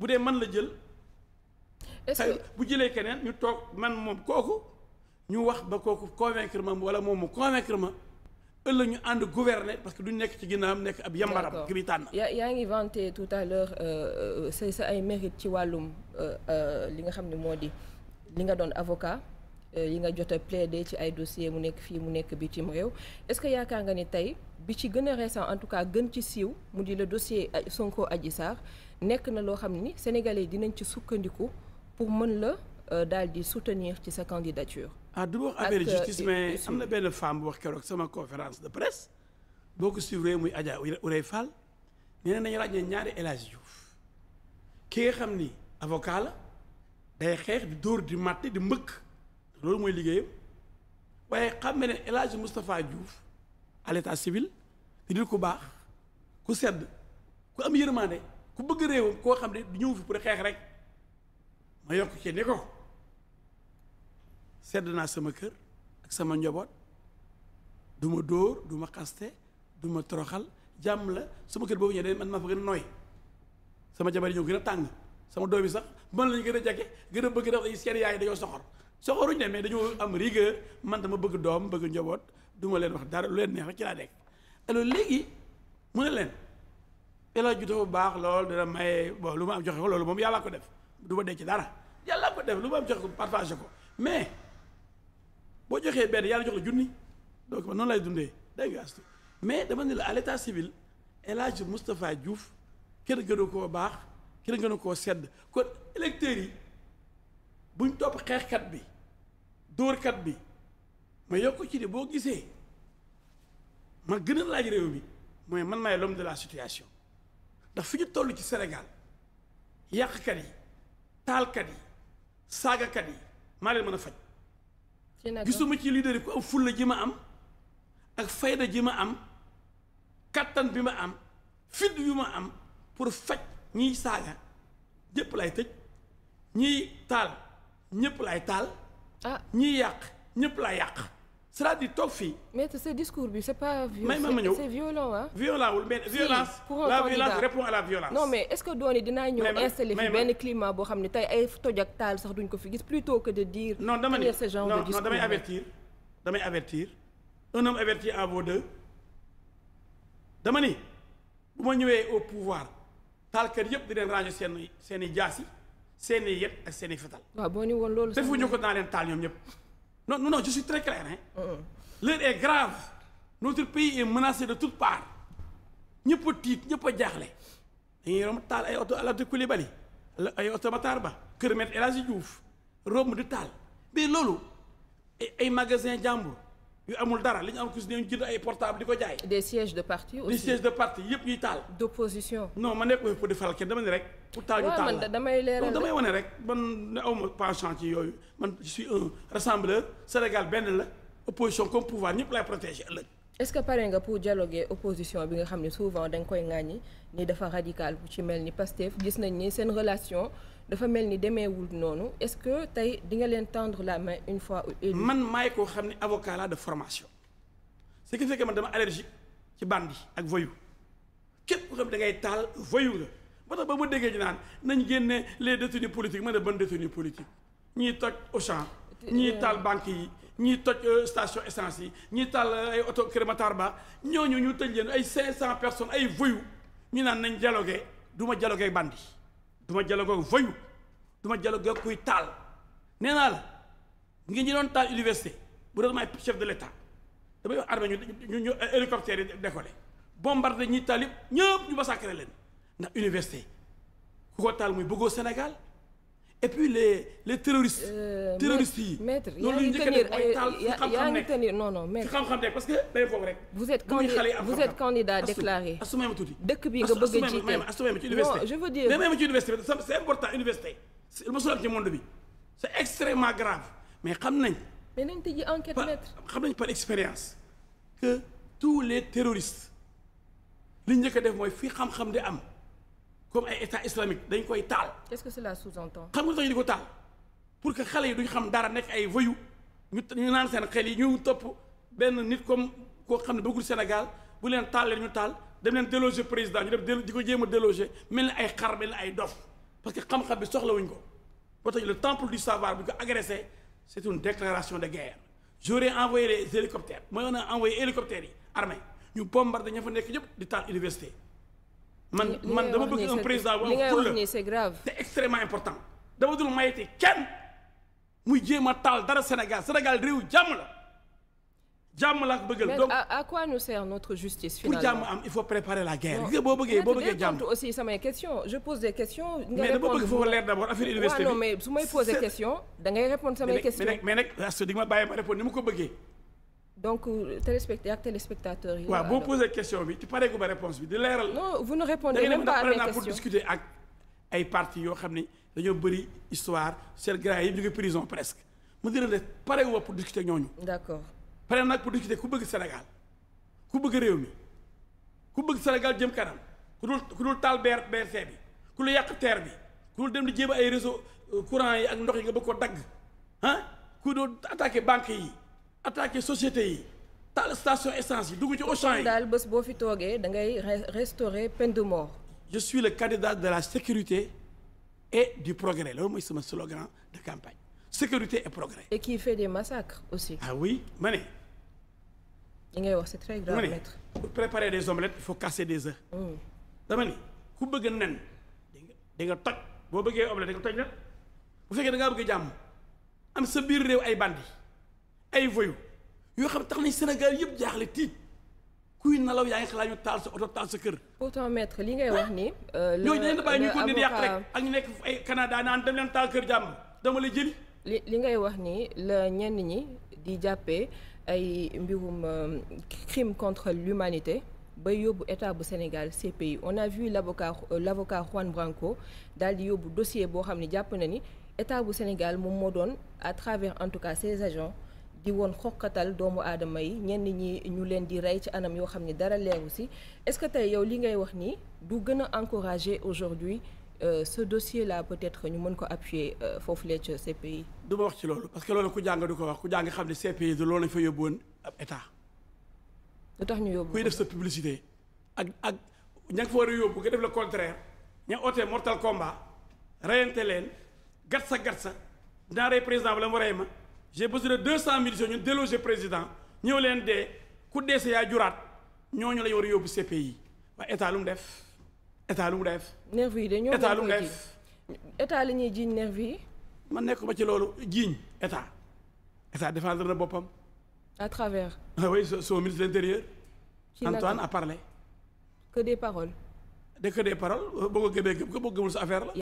bu dee man la jël. est bu jëlee keneen ñu toog man moom kooku ñu wax ba kooku convaincre ma wala moom mu convaincre ma ëllëg ñu ànd gouverner parce que duñ nekk ci ginnaawam nekk ab yambaram ki bi tànn yaa yaa ngi vanté tout à l'heure euh, euh, sa sa ay mérite ci wàllum euh, li nga xam ne moo di li nga doon avocat yi nga jote a plaider ci ay dossier mu nekk fii mu nekk bitim réew est-ce que yaakaar nga ni tey bi ci gën a récent en tout cas gën ci siiw mu di le dossier Sonko Adji Sarr nekk na loo xam ni sénégalais dinañ ci sukkandiku pour mën la euh, daal di soutenir ci sa candidature. ah du wax affaire euh, justice mais am na benn femme bu wax keroog sama conférence de presse boo ko suivre muy Adja Ourey Fall nee na nañu ràññee ñaari El Hadji ki nga xam ni avocat la day xeex di dóor di matt di mbëkk. loolu mooy liggéeyam waaye xam ne ne El Hadj Moustapha Diouf à l'état civil di nit ku baax ku sedd ku am yërmande ku bëgg réew koo xam ne du ñëw fi pour xeex rek ma yokk ci ni ko sedd naa sama kër ak sama njaboot duma ma dóor du ma xaste du ma toroxal jàmm la sama kër boobu ñëwee day man maa fa gën a nooy sama jabar yi ñoo gën a tàng sama doom yi sax man lañu gën a jege gën a bëgg def dañuy seen yaay dañoo soxor soxoruñ ne mais dañoo am rigueur man dama bëgg doom bëgg njaboot du ma leen wax dara lu leen neex rek ci laa nekk alors léegi mu ne leen yàlla ju baax lool dana maye bon lu ma am joxe loolu moom yàlla ko def du ma denc dara yàlla ko def lu am joxe ko partagé ko mais boo joxee benn yàlla jox la noonu lay dundee dégg nga astu mais dama ne la à l'état civil El Hadj Moustapha Diouf kenn gënu koo baax kenn gënu koo sedd kon électeurs yi. buñ topp xeexkat bi dóorkat bi ma yokk ci de boo gisee ma gën a laaj réew mi mooy man maay l'homme de la situation ndax fi ñu toll ci senegal yàqkat yi taalkat yi saagakat yi maa leen mën a faj gisuma ci leader yi ku am fulla ji ma am ak fayda ji ma am kattan bi ma am fit yu ma am pour faj ñiy saaga jëpp lay tëj ñiy taal ñëpp laay taal. ah ñiy yàq ñëpp laay yàq. cest à toog fii. mais ce discours bi c'est pas. may ma ma ñëw c'est violent ah. violent wul mais violence. la violence répond à la violence. mais est-ce que dooni dinaa ñëw installé fi benn climat boo xam ne tey ay toj ak taal sax duñ ko fi gis plutôt que de dire. non dama ne ce genre de damay avertir damay avertir un homme averti en dama ni bu ma ñëwee au pouvoir taalkat yëpp di leen ranger seen seen i jaas yi seeni yet ak seeni fetal. waaw boo ñu woon loolu. te fu ñu ko naa leen taal ñoom ñëpp non non je suis très clair hein. l'heure grave notre pays est menacé de toutes parts ñëpp a tiit ñëpp a jaaxle dañuy romb taal ay oto Alaaji Coulibaly ay oto Matar Ba kër Me El Hadji Diouf romb di taal mais loolu ay magasin jàmbur. yu amul dara li ñu am cuisine ñu jënd ay portable di ko jaay. des sièges de parti aussi des sièges de parti yëpp ñuy taal. d' opposition. non ma nekk pour di faral kenn dama ne rek. pour taal ñu taal man damay leeral wane rek man ne aw ma penchant ci yooyu man je suis un rassembleur Sénégal benn la opposition comme pouvoir ñëpp lay protéger ëllëg. est-ce que pare nga pour dialoguer opposition bi nga xam ne souvent da nga koy ŋàññi ni dafa radical bu ci mel ni Pastef gis nañ ni seen relation dafa mel ni demeewul noonu est-ce que tey di nga leen tendre la main une fois élu man maay koo xam ne avocat la de formation ce qui fekkee que man dama allergique ci bandi ak voyou képp ko xam ne da ngay taal voyou nga ba tax ba ma déggee ñu naan nañ génne les détenus politiques man ne ban détenu politique ñiy toj Auchan ñiy euh, taal yi ñiy toj euh, station essence yi ñiy taal euh, ay oto Kër Matar Ba ñooñu ñu tëj leen ay cent personnes ay voyous ñu naan nañ dialogué du ma dialogué bandi duma ma dialogué voyou du ma dialogué kuy taal nee naa la ngi ñi doon taal université bu doon maay chef de l'état damay wax armée ñu ñu hélicoptère yi décollé bombardé ñiy taal yëpp ñëpp ñu ma massacré leen ndax université ku ko taal muy bëggoo Sénégal. et puis les les terroristes. Euh, terroristes yaa ngi tenir non non maître. ci xam-xam nekk parce que day foog rek. vous êtes candidat vous êtes candidat déclaré. asu ma tuuti dëkk bi nga bëgg a jiite ci université. non je veux dire mais ci université c'est important université. il ma sonal ci monde bi c'est extrêmement grave mais xam nañ. mais nañ tëjee enquête maître. xam nañ par expérience. que tous les terroristes li ñu njëkk a def mooy fii xam-xam di am. comme ay état islamique dañ koy taal. est-ce que cela sous xam nga di ko taal pour que xale yi duñ xam dara nekk ay voyous ñu ñu naan seen xel yi ñu topp benn nit comme koo xam ne bëggul Sénégal bu leen taal leen ñu taal dem leen déloger président ñu def di ko jéem a déloger mel ni ay xar mel ni ay dof parce que xam-xam bi soxlawuñ ko ba tax le temple du savoir bu ñu ko agressé c'est une déclaration de guerre j'aurais envoyé les hélicoptères mooy on a envoyé hélicoptères yi armée ñu bombardé ña fa di taal université. man man dama bëgg un président bu am fulla c'est grave c'est extrêmement important dama dul mayete kenn muy jéem a taal dara Sénégal Sénégal réew jàmm la jàmm la ak bëggal donc à quoi nous sert notre justice finalement pour jàmm am il faut préparer la guerre gis nga boo bëggee boo aussi samay question je pose des questions mais dama bëgg foofu leer d'abord affaire université bi mais su may poser question da ngay répondre samay question mais nag répondre ko bëggee donc euh, téléspectateur ak téléspectateur yi. waaw boo posé question bi ci paree gu ba réponse bi di leeral. non vous ne répondez même pas à mes pour discuter ak ay parti yoo xam ne dañoo bëri histoire seen gars yi ñu ngi prison presque mu dina def pare gu ba pour discuter ñooñu. d'accord pare nag pour discuter ku bëgg Sénégal ku bëgg réew mi ku bëgg Sénégal jëm kanam ku dul taal BR BRT bi ku lu yàq terre bi ku dul dem di jéem ay réseau euh, courant yi ak ndox yi nga bëgg ko dagg ah ku banque yi. attaqué société yi taal station essence yi dugg ci Auchan yi. daal bés boo fi toogee dangay ngay restaurer peine de mort. je suis le candidat de la sécurité et du progrès loolu mooy sama slogan de campagne sécurité et progrès. et qui fait des aussi. ah oui ma ne. li ngay wax c'est très grave préparer des omelettes il faut casser des œufs. Hmm. dama ni ku bëgg nen di nga toj boo bëggee omelette di nga toj na bu fekkee da ngaa bëgg jàmm am sa biir réew ay bandi. ay voyous yoo xam tax nañ Sénégal yëpp jaaxle tiit kuy nalaw yaa ngi xalaat ñu taal sa oto taal sa kër. pourtant maître li ngay wax ni. ñooñu ah. euh, la bàyyi ñu continuer jàmm dama la li ngay wax ni la ñenn ñi di jàppee ay mbirum euh, crime contre l'humanité ba yóbbu état bu Sénégal CPI on a vu euh, l'avocat Juan Branco daal di yóbbu dossier boo xam ne jàpp na ni état bu Sénégal moom moo doon à travers en tout cas ses agents. di woon xokkatal doomu aadama yi ñenn ñi ñu leen di rey ci anam yoo xam ne dara leeru si est-ce que tey yow li ngay wax nii du gën a encourager aujourd'hui euh, ce dossier là peut-être ñu mën ko appuyer euh, foofu lee ci CPI. du ma wax ci loolu parce que loolu ku jàng du ko wax ku jàng xam ne CPI du loolu lañ fa yóbbu woon état. tax ñu yóbbu kuy def sa publicité ak ak ña nga fa war a yóbbu nga def le contraire ña ootee mortal combat reyante leen gatsa gatsa dinaa rey président ba la mu rey ma. j'ai besoin de deux cent mille ñun déloger président ñëw leen dee ku dee sa yaa juraat ñooñu la ñu war a yóbbu CPI waaye état lu mu def état lu mu def. nervi de ñoo état lu mu def. état la ñuy jiiñ nervi yi. man nekk ba ci loolu jiiñ état état défendre na boppam. à travers. ah oui son ministre de l'intérieur. Antoine a parlé. que des paroles. de que des paroles boo ko gëmee gëm ko boo gëmul sa affaire la.